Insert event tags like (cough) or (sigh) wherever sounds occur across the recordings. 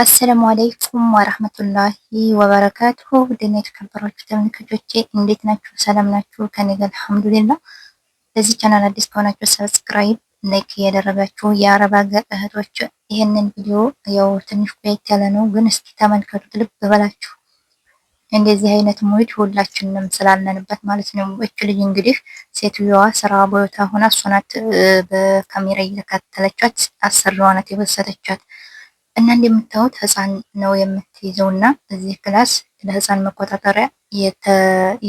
አሰላሙ አለይኩም ወረህመቱላሂ ወበረካቱሁ ውድና የተከበራችሁ ተመልካቾቼ እንዴት ናችሁ? ሰላም ናችሁ? ከኔ ጋር አልሐምዱሊላህ። ለዚህ ቻናል አዲስ ከሆናችሁ ሰብስክራይብ፣ ላይክ እያደረጋችሁ የአረብ ሀገር እህቶች ይህንን ቪዲዮ ያው ትንሽ ቆየት ያለ ነው፣ ግን እስኪ ተመልከቱት ልብ በላችሁ። እንደዚህ አይነት ሙድ ሁላችንም ስላለንበት ማለት ነው። እች ልጅ እንግዲህ ሴትዮዋ ስራ ቦታ ሆና እሷ ናት በካሜራ እየተከታተለቻት አሰሪዋ ናት የበሰተቻት እና እንደምታዩት ህፃን ነው የምትይዘው እና እዚህ ክላስ ለህፃን መቆጣጠሪያ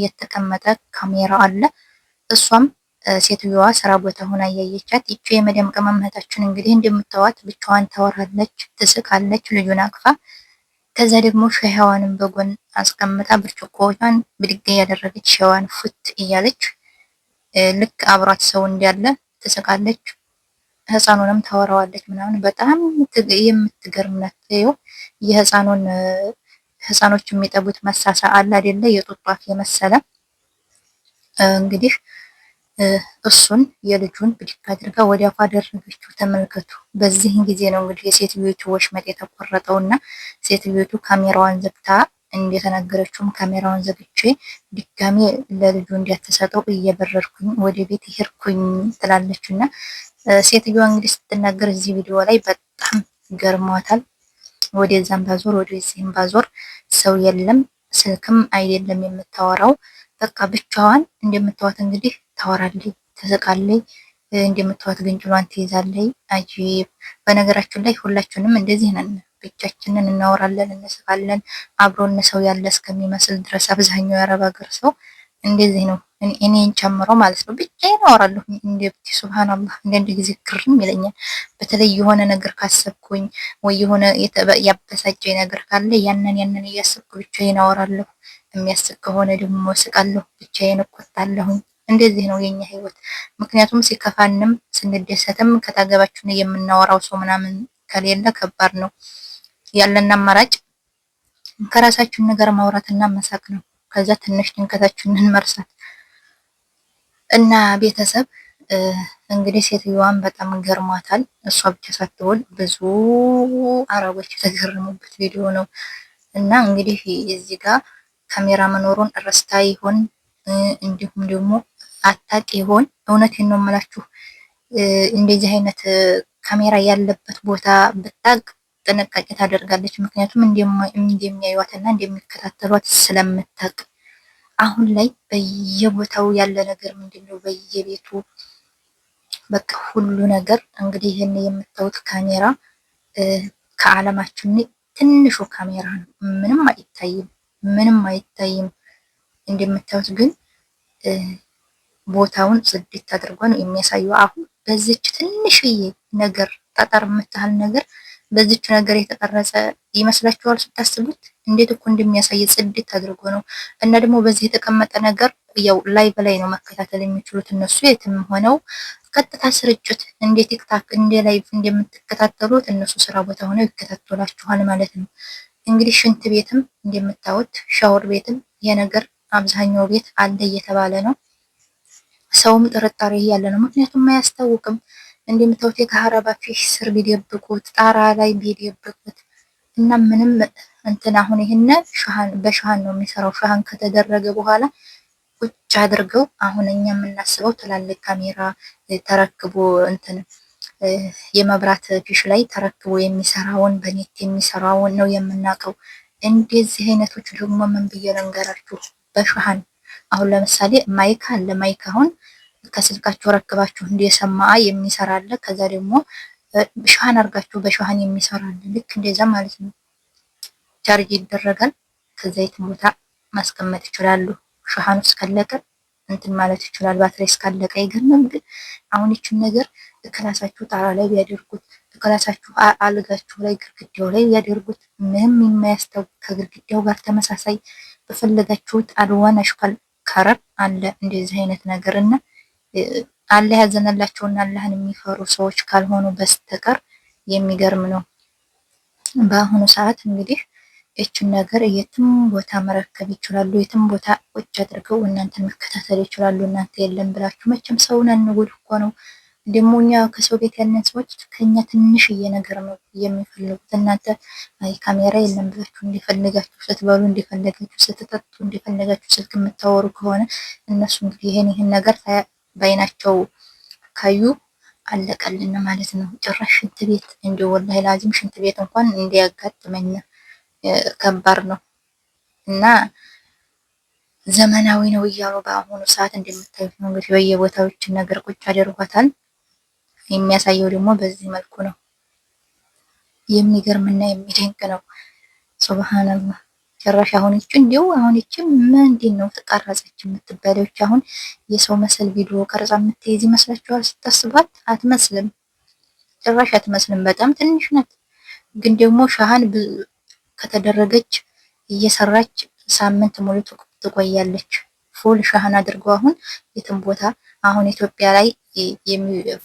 የተቀመጠ ካሜራ አለ። እሷም ሴትዮዋ ስራ ቦታ ሆና እያየቻት ይቺ የመደም ቅመም እህታችን እንግዲህ እንደምታዋት ብቻዋን ታወራለች፣ ትስቃለች ልጁን አቅፋ። ከዛ ደግሞ ሻይዋንም በጎን አስቀምጣ ብርጭቆዋን ብድግ ያደረገች ሻይዋን ፉት እያለች ልክ አብራት ሰው እንዳለ ትስቃለች። ህፃኑንም ታወራዋለች ምናምን በጣም የምትገርም ናት። ይኸው የህፃኑን ህፃኖች የሚጠቡት መሳሳ አለ አይደለ? የጡት የመሰለ እንግዲህ እሱን የልጁን ብድግ አድርጋ ወደ አፏ አደረገችው። ተመልከቱ። በዚህን ጊዜ ነው እንግዲህ የሴትዮቱ ወሽመጥ የተቆረጠው እና ሴትዮቱ ካሜራዋን ዘግታ እንደተናገረችውም ካሜራውን ዘግቼ ድጋሜ ለልጁ እንዲያተሰጠው እየበረርኩኝ ወደ ቤት ይሄርኩኝ ትላለች እና ሴትዮዋ እንግዲህ ስትናገር እዚህ ቪዲዮ ላይ በጣም ገርሟታል። ወደዛም ባዞር ወደዚህም ባዞር ሰው የለም፣ ስልክም አይደለም የምታወራው። በቃ ብቻዋን እንደምታዋት እንግዲህ ታወራለች፣ ትስቃለች። እንደምታዋት ግንጭሏን ትይዛለች። አጂብ። በነገራችን ላይ ሁላችንም እንደዚህ ነን። ብቻችንን እናወራለን፣ እንስቃለን። አብሮን ሰው ያለ እስከሚመስል ድረስ አብዛኛው የአረብ ሀገር ሰው እንደዚህ ነው። እኔን ጨምሮ ማለት ነው። ብቻዬን አወራለሁ እንደ ብቲ ሱብሃንአላህ። አንዳንድ ጊዜ ግርም ይለኛል። በተለይ የሆነ ነገር ካሰብኩኝ ወይ የሆነ ያበሳጨኝ ነገር ካለ ያንን ያንን እያሰብኩ ብቻዬን አወራለሁ። የሚያስቅ ከሆነ ደግሞ ስቃለሁ፣ ብቻዬን እቆጣለሁኝ። እንደዚህ ነው የኛ ህይወት። ምክንያቱም ሲከፋንም ስንደሰትም ከታገባችን የምናወራው ሰው ምናምን ከሌለ ከባድ ነው። ያለን አማራጭ ከራሳችን ነገር ማውራትና መሳቅ ነው። ከዛ ትንሽ ድንገታችንን መርሳት እና ቤተሰብ እንግዲህ ሴትዮዋን በጣም ገርሟታል። እሷ ብቻ ሳትሆን ብዙ አረቦች የተገረሙበት ቪዲዮ ነው እና እንግዲህ እዚህ ጋር ካሜራ መኖሩን ረስታ ይሆን እንዲሁም ደግሞ አታውቂ ይሆን? እውነቴን ነው የምላችሁ እንደዚህ አይነት ካሜራ ያለበት ቦታ ብታቅ። ጥንቃቄ ታደርጋለች። ምክንያቱም እንደሚያዩዋትና እንደሚከታተሏት ስለምታውቅ አሁን ላይ በየቦታው ያለ ነገር ምንድን ነው? በየቤቱ በቃ ሁሉ ነገር እንግዲህ ይህን የምታዩት ካሜራ ከዓለማችን ትንሹ ካሜራ ነው። ምንም አይታይም፣ ምንም አይታይም። እንደምታዩት ግን ቦታውን ጽድት አድርጎ ነው የሚያሳየ አሁን በዚች ትንሽዬ ነገር ጠጠር የምታህል ነገር በዚች ነገር የተቀረጸ ይመስላችኋል? ስታስቡት እንዴት እኮ እንደሚያሳይ ጽድት አድርጎ ነው። እና ደግሞ በዚህ የተቀመጠ ነገር ያው ላይ በላይ ነው መከታተል የሚችሉት እነሱ የትም ሆነው ቀጥታ ስርጭት እንደ ቲክታክ እንደ ላይቭ እንደምትከታተሉት እነሱ ስራ ቦታ ሆነው ይከታተሏችኋል ማለት ነው። እንግዲህ ሽንት ቤትም እንደምታዩት ሻወር ቤትም ይሄ ነገር አብዛኛው ቤት አለ እየተባለ ነው። ሰውም ጥርጣሬ ያለ ነው፣ ምክንያቱም አያስታውቅም። እንደምታዩት የከሀረባ ፊሽ ስር ቢደብቁት ጣራ ላይ ቢደብቁት እና ምንም እንትን አሁን ይህን በሸሃን ነው የሚሰራው። ሽሃን ከተደረገ በኋላ ቁጭ አድርገው አሁን እኛ የምናስበው ትላልቅ ካሜራ ተረክቦ እንትን የመብራት ፊሽ ላይ ተረክቦ የሚሰራውን በኔት የሚሰራውን ነው የምናውቀው። እንደዚህ አይነቶች ደግሞ ምን ብዬ ልንገራችሁ፣ በሸሃን አሁን ለምሳሌ ማይክ አለ ማይክ አሁን ከስልካችሁ ረክባችሁ እንደሰማ የሚሰራ አለ። ከዛ ደግሞ ሻህን አድርጋችሁ በሻህን የሚሰራ አለ። ልክ እንደዛ ማለት ነው። ቻርጅ ይደረጋል። ከዛ የትም ቦታ ማስቀመጥ ይችላሉ። ሻህኑ እስካለቀ እንትን ማለት ይችላል። ባትሪ እስካለቀ ይገርምም። ግን አሁን ይችን ነገር ክላሳችሁ ጣራ ላይ ቢያደርጉት ክላሳችሁ አልጋችሁ ላይ ግድግዳው ላይ ቢያደርጉት ምንም የማያስታውቅ ከግድግዳው ጋር ተመሳሳይ በፈለጋችሁት አልዋን አሽካል ከረብ አለ እንደዚህ አይነት ነገር እና አላህ ያዘነላቸውና አላህን የሚፈሩ ሰዎች ካልሆኑ በስተቀር የሚገርም ነው። በአሁኑ ሰዓት እንግዲህ እችን ነገር የትም ቦታ መረከብ ይችላሉ። የትም ቦታ ቁጭ አድርገው እናንተን መከታተል ይችላሉ። እናንተ የለም ብላችሁ መቼም ሰውን አንጎድ እኮ ነው። ደግሞ እኛ ከሰው ቤት ያለን ሰዎች ከኛ ትንሽዬ ነገር ነው የሚፈልጉት። እናንተ አይ ካሜራ የለም ብላችሁ እንዲፈልጋችሁ ስትበሉ፣ እንዲፈለጋችሁ ስትጠጡ፣ እንዲፈልጋችሁ ስልክ የምታወሩ ከሆነ እነሱ እንግዲህ ይህን ይህን ነገር በአይናቸው ካዩ አለቀልን ማለት ነው። ጭራሽ ሽንት ቤት እንዲ ወላሂ ላዚም ሽንት ቤት እንኳን እንዲያጋጥመኝ ከባድ ነው እና ዘመናዊ ነው እያሉ በአሁኑ ሰዓት እንደምታዩት ነው እንግዲህ ነገር ቁጭ አድርጓታል። የሚያሳየው ደግሞ በዚህ መልኩ ነው። የሚገርምና የሚደንቅ ነው። ሱብሃንአላህ ጭራሽ አሁን እቺ እንዲው አሁን እቺ ምንድን ነው ተቀረጸች የምትበለች? አሁን የሰው መሰል ቪዲዮ ቀርጻ የምትይዝ ይመስላችኋል? ስታስባት አትመስልም፣ ጭራሽ አትመስልም። በጣም ትንሽ ናት። ግን ደግሞ ሻሃን ከተደረገች እየሰራች ሳምንት ሙሉ ትቆያለች። ፉል ሻሃን አድርጎ አሁን የትም ቦታ አሁን ኢትዮጵያ ላይ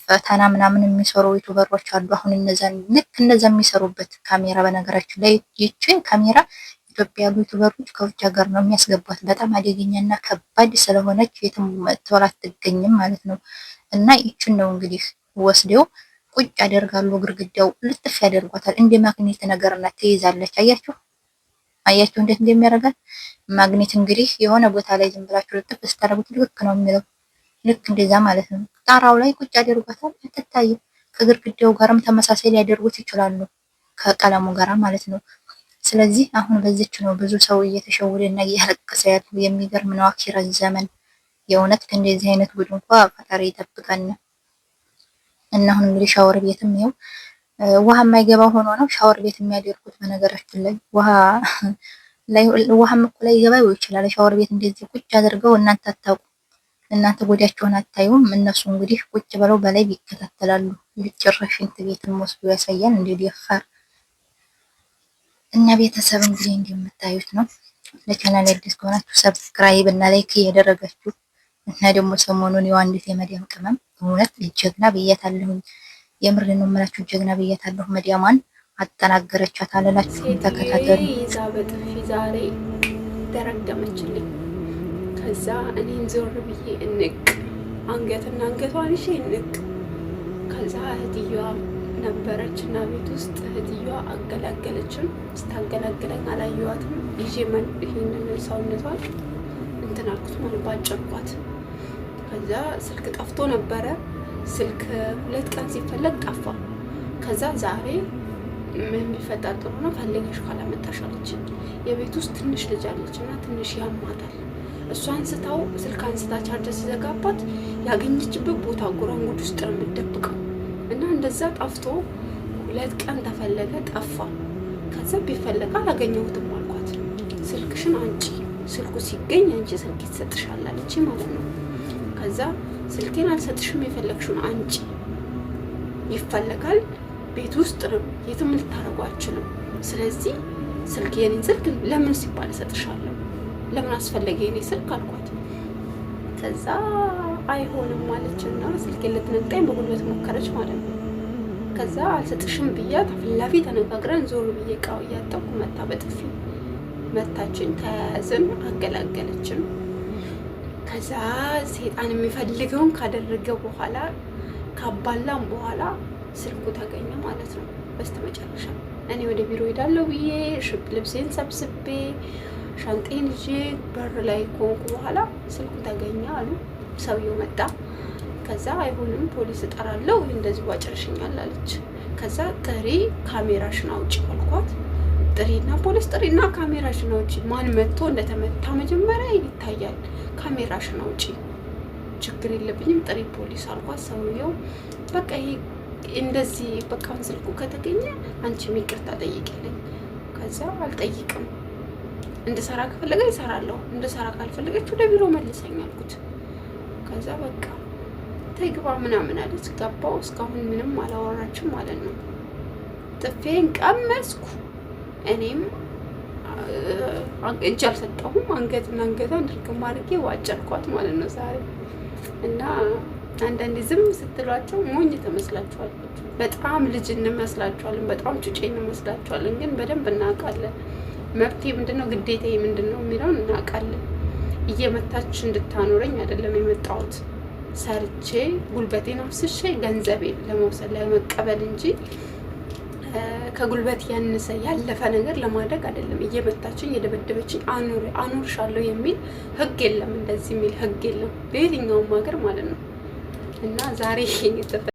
ፈተና ምናምን የሚሰሩ ዩቱበሮች አሉ። አሁን እነዛን ልክ እነዛ የሚሰሩበት ካሜራ፣ በነገራችን ላይ ይቺ ካሜራ ኢትዮጵያ ያሉት በሮች ከውጭ ሀገር ነው የሚያስገባት። በጣም አደገኛ እና ከባድ ስለሆነች የትም ቶላ አትገኝም ማለት ነው። እና ይችን ነው እንግዲህ ወስደው ቁጭ ያደርጋሉ። ግርግዳው ልጥፍ ያደርጓታል። እንደ ማግኔት ነገር እና ትይዛለች። አያችሁ አያችሁ እንዴት እንደሚያደርጋት ማግኔት። እንግዲህ የሆነ ቦታ ላይ ዝም ብላችሁ ልጥፍ ስታደርጉት ልክ ነው የሚለው ልክ እንደዛ ማለት ነው። ጣራው ላይ ቁጭ ያደርጓታል፣ አትታይም። ከግርግዳው ጋርም ተመሳሳይ ሊያደርጉት ይችላሉ፣ ከቀለሙ ጋር ማለት ነው። ስለዚህ አሁን በዚች ነው ብዙ ሰው እና እያለቀሰ ያለው። የሚገርም ነው አኪራ ዘመን። የእውነት ከእንደዚህ አይነት ጉድ እንኳ ፈጣሪ ይጠብቀን። እና አሁን እንግዲህ ሻወር ቤትም ይኸው ውሃ የማይገባ ሆኖ ነው ሻወር ቤት የሚያደርጉት። በነገራችን ላይ ውሃ (laughs) ላይ ውሃም እኮ ላይ ገባ ይችላል። ሻወር ቤት እንደዚህ ቁጭ አድርገው እናንተ አታውቁ፣ እናንተ ጎዳቸውን አታዩም። እነሱ እንግዲህ ቁጭ ብለው በላይ ይከታተላሉ። ጭራሽ እንትን ቤትም ወስዶ ያሳያል እንደ ደፋር እኛ ቤተሰብ እንግዲህ እንደምታዩት ነው። ለቻናል አዲስ ከሆናችሁ ሰብስክራይብ እና ላይክ እያደረጋችሁ እና ደግሞ ሰሞኑን የዋንዲት የመዲያም ቅመም እውነት ጀግና ብያታለሁኝ። የምር ነው ጀግና ብያታለሁ። መዲያማን አጠናገረቻት አለላችሁ። ተከታተሉ። በጥፊ ዛሬ ከዛ እኔን ዞር ብዬ እንቅ አንገትና አንገቷን እንቅ ከዛ እህትየዋ ነበረች እና ቤት ውስጥ እህትዮዋ አገላገለችም። ስታገላገለኝ አላየዋትም። ይዤ ይህንን ሰውነቷን እንትን አልኩት ማለት ባጨርኳት። ከዛ ስልክ ጠፍቶ ነበረ። ስልክ ሁለት ቀን ሲፈለግ ጠፋ። ከዛ ዛሬ ምን ቢፈጠር ጥሩ ነው ፈልገሽ ካላመጣሽ አለችኝ። የቤት ውስጥ ትንሽ ልጅ አለች እና ትንሽ ያማታል። እሷ አንስታው ስልክ አንስታ ቻርጀር ሲዘጋባት ያገኘችበት ቦታ ጉረንጉድ ውስጥ ነው የምትደብቀው እንደዛ ጠፍቶ ሁለት ቀን ተፈለገ፣ ጠፋ። ከዛ ቢፈለግ አላገኘሁትም አልኳት። ስልክሽን አንቺ ስልኩ ሲገኝ አንቺ ስልክ ትሰጥሻል አለች ማለት ነው። ከዛ ስልኬን አልሰጥሽም፣ የፈለግሽውን አንቺ ይፈለጋል፣ ቤት ውስጥ ነው፣ የትም ልታደርጉ አችልም። ስለዚህ ስልክ የኔን ስልክ ለምን ሲባል እሰጥሻለሁ፣ ለምን አስፈለገ የኔ ስልክ አልኳት። ከዛ አይሆንም ማለችና ስልኬን ልትነጣኝ በጉልበት ሞከረች ማለት ነው። ከዛ አልሰጥሽም ብያት ፊትለፊት ተነጋግረን ዞር ብዬ እቃው እያጠቁ መታ በጥፊ መታችን። ተያያዝን፣ አገላገለችን። ከዛ ሴጣን የሚፈልገውን ካደረገ በኋላ ካባላም በኋላ ስልኩ ተገኘ ማለት ነው። በስተመጨረሻ እኔ ወደ ቢሮ ሄዳለሁ ብዬ ልብሴን ሰብስቤ ሻንጤን ይዤ በር ላይ ከሆንኩ በኋላ ስልኩ ተገኘ አሉ። ሰውየው መጣ። ከዛ አይሆንም ፖሊስ እጠራለሁ ይህ እንደዚህ ቧጭርሽኛል አለች። ከዛ ጥሪ ካሜራሽን አውጪ አልኳት። ጥሪና ፖሊስ ጥሪና ካሜራሽን አውጪ፣ ማን መጥቶ እንደተመታ መጀመሪያ ይታያል። ካሜራሽን አውጪ፣ ችግር የለብኝም ጥሪ ፖሊስ አልኳት። ሰውየው በቃ ይሄ እንደዚህ በቃ ስልኩ ከተገኘ አንቺ ይቅርታ ጠይቅልኝ። ከዛ አልጠይቅም እንድሰራ ከፈለገ ይሰራለሁ፣ እንድሰራ ካልፈለገች ወደ ቢሮ መልሰኝ አልኩት። ከዛ በቃ ተግባ ግባ ምናምን አለች። ገባው እስካሁን ምንም አላወራችም ማለት ነው። ጥፌን ቀመስኩ እኔም እጅ አልሰጠሁም። አንገትና አንገት እንድርግም አድርጌ ዋጨርኳት ማለት ነው ዛሬ እና አንዳንዴ ዝም ስትሏቸው ሞኝ ትመስላችኋል። በጣም ልጅ እንመስላችኋለን፣ በጣም ጩጬ እንመስላችኋለን። ግን በደንብ እናውቃለን። መብቴ ምንድነው ግዴታ ምንድን ነው የሚለውን እናውቃለን። እየመታች እንድታኖረኝ አይደለም የመጣሁት። ሰርቼ ጉልበቴን አፍስሼ ገንዘቤን ለመውሰድ ለመቀበል እንጂ ከጉልበት ያነሰ ያለፈ ነገር ለማድረግ አይደለም። እየመታችኝ እየደበደበችኝ አኑር አኑርሻለሁ የሚል ህግ የለም። እንደዚህ የሚል ህግ የለም በየትኛውም ሀገር ማለት ነው እና ዛሬ